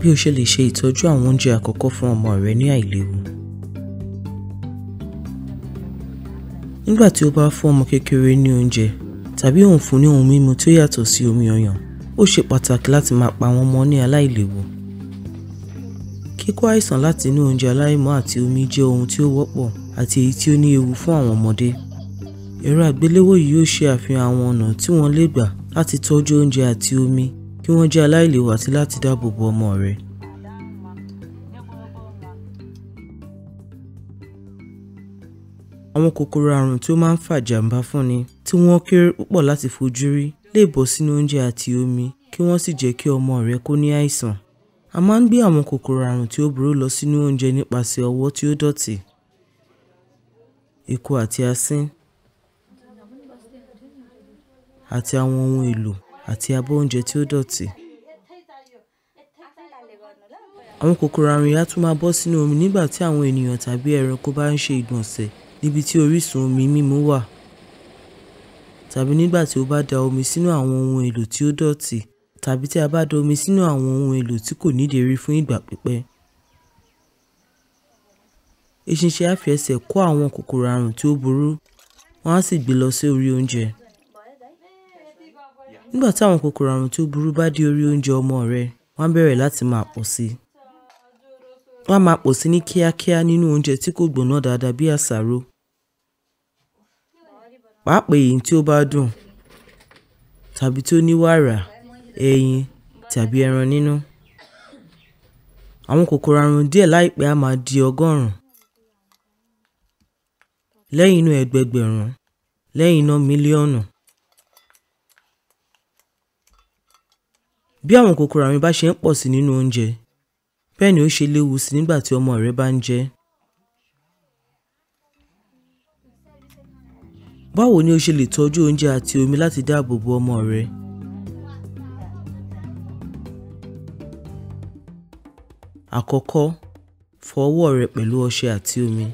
bí o ṣe lè ṣe ìtọ́jú àwọn oúnjẹ àkọ́kọ́ fún ọmọ rẹ ní àìléwu. nígbà tí o bá fún ọmọ kékeré ní oúnjẹ tàbí òun fún ní ohun mímu tó yàtọ̀ sí omi ọyàn ó ṣe pàtàkì láti máa pa àwọn ọmọ ní aláìléwu. kíkó àìsàn láti inú oúnjẹ aláìmọ́ àti omi jẹ́ ohun tí ó wọ́pọ̀ àti èyí tí ó ní ewu fún àwọn ọmọdé. ẹ̀rọ àgbéléwò yìí yóò ṣe àfihàn àwọn ọ̀nà tí wọ́n lè gbà láti tọ́jú oúnjẹ àti omi kí wọ́n jẹ́ aláìléwu àti láti dáàbò bo ọmọ rẹ. àwọn kòkòrò àrùn tí ó máa ń fà jàǹbá fúnni tí wọ́n kéré púpọ̀ láti fojú rí lè bọ́ sínú oúnjẹ àti omi kí wọ́n sì jẹ́ kí ọmọ rẹ kó ní àìsàn. a máa ń gbé àwọn kòkòrò àrùn tí ó burú lọ sínú oúnjẹ nípasẹ̀ ọwọ́ tí ó dọ̀tí eku àti asín àti àwọn ohun èlò àti abọ́ oúnjẹ tí ó dọ̀tí. Àwọn kòkòrò àrùn yìí á tún máa bọ́ sínú omi nígbà tí àwọn ènìyàn tàbí ẹranko bá ń ṣe ìgbọ̀nsẹ̀ níbi tí orísun omi mímu wà tàbí nígbà tí o bá da omi sínú àwọn ohun èlò tí ó dọ̀tí tàbí tí a bá da omi sínú àwọn ohun èlò tí kò nídèérí fún ìgbà pípẹ́. Eṣinṣin á kó àwọn kòkòrò àrùn tí ó burú, wọ́n á sì gbé lọ sí orí oúnjẹ. Nígbà táwọn kòkòrò àrùn tó burú bá dé orí oúnjẹ ọmọ rẹ, wọ́n á bẹ̀rẹ̀ láti máa pọ̀ sí i. Wọ́n á máa pọ̀ sí i ní kíákíá nínú oúnjẹ tí kò gbóná dáadáa bí àsáró, pàápàá èyí tí ó bá dùn tàbí tí ó ní wàrà, ẹyin tàbí ẹran nínú. Àwọn kòkòrò àrùn díẹ̀ láìpẹ́ á máa di ọgọ́rùn-ún, lẹ́yìn náà ẹgbẹẹgbẹ̀rún, lẹ́yìn náà bí àwọn kòkòrò àrùn bá ṣe ń pọ̀ sí nínú oúnjẹ bẹ́ẹ̀ ni ó ṣe léwu sí nígbà tí ọmọ rẹ bá ń jẹ báwo ni o ṣe lè tọ́jú oúnjẹ àti omi láti dáàbò bo ọmọ rẹ àkọ́kọ́ fọ ọwọ́ rẹ pẹ̀lú ọṣẹ àti omi.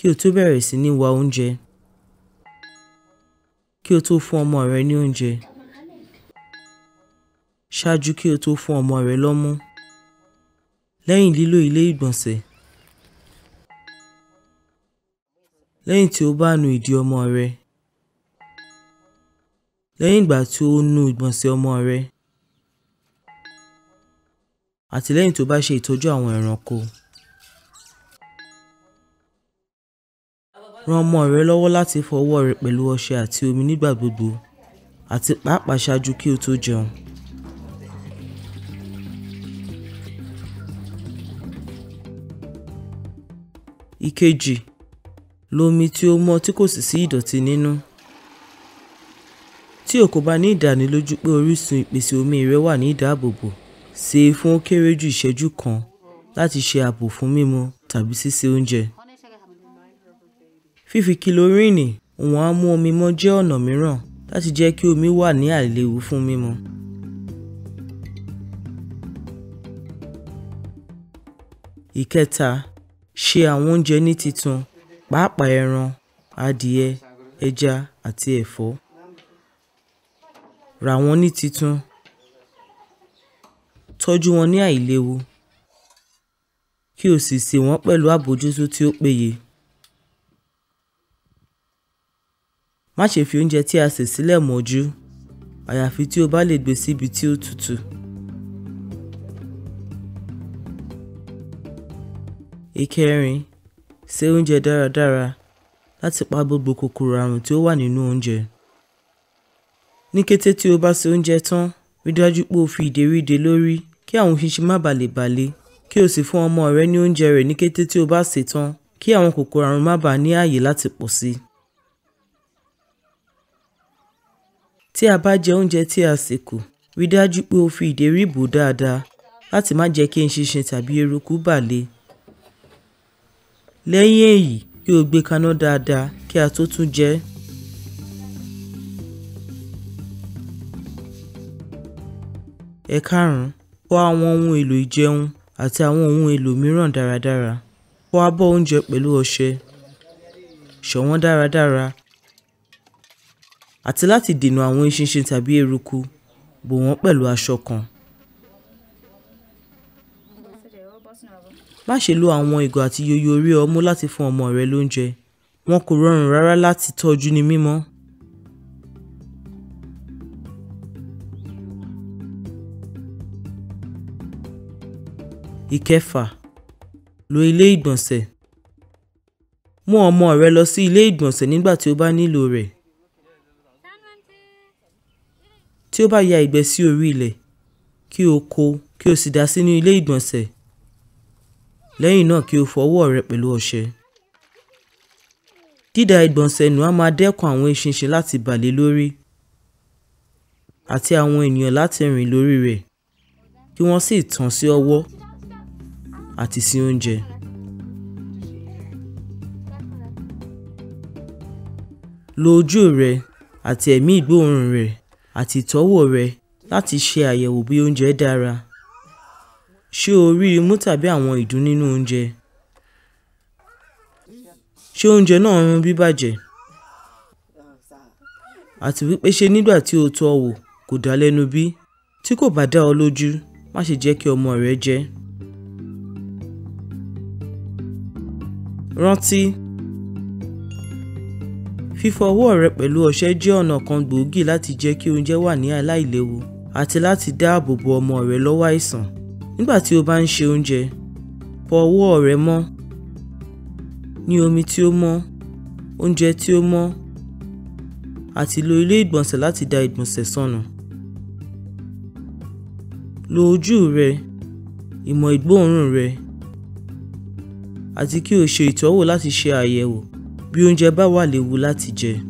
kí o tó bẹ̀rẹ̀ sí ní wa oúnjẹ kí o tó fún ọmọ rẹ ní oúnjẹ ṣáájú kí o tó fún ọmọ rẹ lọ́mú lẹ́yìn lílò ilé ìgbọ̀nsẹ̀ lẹ́yìn tí o bá nu ìdí ọmọ rẹ lẹ́yìn ìgbà tí o nu ìgbọ̀nsẹ̀ ọmọ rẹ àti lẹ́yìn tó bá ṣe ìtọ́jú àwọn ẹranko. Ran ọmọ rẹ lọ́wọ́ láti fọ ọwọ́ rẹ pẹ̀lú ọṣẹ àti omi nígbà gbogbo, àti pàápàá ṣáájú kí o tó jẹun. Ìkejì, lo omi tí ó mọ́ tí kò sì sí ìdọ̀tí nínú. Tí o kò bá ní ìdánilójú pé orísun ìpèsè omi rẹ wà ní ìdáàbòbò, sè fún ó kéré jù ìṣẹ́jú kan láti ṣe ààbò fún mímu tàbí sísè oúnjẹ. Fífi kilorínì (òǹwọ̀n amóomimọ́) jẹ́ ọ̀nà mìíràn láti jẹ́ kí omi wà ní àìléwu fún mímu. Ìkẹta, se àwọn oúnjẹ ní titun, pàápàá ẹran, adìẹ, ẹja àti ẹ̀fọ́. Rà wọ́n ní titun. Tọ́jú wọn ní àìléwu. Kí o sì sè wọ́n pẹ̀lú àbójútó tí ó péye. Má ṣe fi oúnjẹ tí a sè sílẹ̀ mọ́jú àyàfi tí o bá lè gbé sí tí ó tutù. Ìkẹrin, se oúnjẹ dáradára láti pa gbogbo kòkòrò àrùn tí ó wà nínú oúnjẹ. Ní kété tí o bá se oúnjẹ tán, rí dájú pé o fi ìdérí de lórí kí àwọn eṣinṣin má baà lè bà le, kí o sì fún ọmọ rẹ ní oúnjẹ rẹ̀ ní kété tí o bá sè tán kí àwọn kòkòrò àrùn má baà ní àyè láti pọ̀ sí i. Tí a bá jẹ oúnjẹ tí a sè kù, rí i dájú pé o fi ìdérí bò ó dáadáa láti má jẹ́ kí eṣinṣin tàbí eruku bà le. Lẹ́yìn èyí kí o gbé e kaná dáadáa kí a tó tún jẹ ẹ́. Ẹ̀karùn-ún, fọ àwọn ohun èlò ìjẹun àti àwọn ohun èlò mìíràn dáradára. Fọ abọ́ oúnjẹ pẹ̀lú ọṣẹ. Ṣàn wọ́n dáradára àti láti dènà àwọn eṣinṣin tàbí eruku bò wọ́n pẹ̀lú aṣọ kan. má ṣe lo àwọn ìgò àti yoyo orí ọmú láti fún ọmọ rẹ lóúnjẹ wọn kò rọrùn rárá láti tọ́jú ní mímọ́. ìkẹfà lo ilé ìgbọ̀nsẹ̀ mú ọmọ rẹ lọ sí ilé ìgbọ̀nsẹ̀ nígbà tí ó bá nílò rẹ̀ tí ó bá ya ìgbẹ́ sí orí ilẹ̀ kí o ko kí o sì dà sínú ilé ìgbọ̀nsẹ̀ lẹ́yìn náà kí o fọ ọwọ́ rẹ pẹ̀lú ọṣẹ. dídà ìgbọ̀nsẹ̀ nù á máa dẹ́kun àwọn eṣinṣin láti bà lé lórí àti àwọn ènìyàn láti rìn lórí rẹ̀ kí wọ́n sì tàn sí ọwọ́ àti sí oúnjẹ. lo ojú rẹ àti ẹ̀mí ìgbóòórùn rẹ̀ àti ìtọ́wò rẹ láti ṣe àyẹ̀wò bí oúnjẹ dára. Ṣé o rí imú tàbí àwọn ìdun nínú oúnjẹ? Ṣé oúnjẹ náà ń rùn bíbàjẹ́? Àti wípé ṣé nígbà tí o tọ́ ọ wò kò dá lẹ́nu bí? Tí kò bá dá ọ lójú, má ṣe jẹ́ kí ọmọ rẹ jẹ́. Rántí fífọ ọwọ́ rẹ pẹ̀lú ọṣẹ jẹ́ ọ̀nà kan gbòógì láti jẹ́ kí oúnjẹ wà ní aláìléwu àti láti dáàbò bo ọmọ rẹ lọ́wọ́ àìsàn nígbà tí o bá ń ṣe oúnjẹ fọ ọwọ́ rẹ mọ́ ní omi tí ó mọ́ oúnjẹ tí ó mọ́ àti lo ilé ìgbọ̀nsẹ̀ láti da ìgbọ̀nsẹ̀ sọnù lo ojú rẹ ìmọ̀ ìgbóòórùn rẹ àti kí o ṣe ìtọ́wò láti ṣe àyẹ̀wò bí oúnjẹ bá wà léwu láti jẹ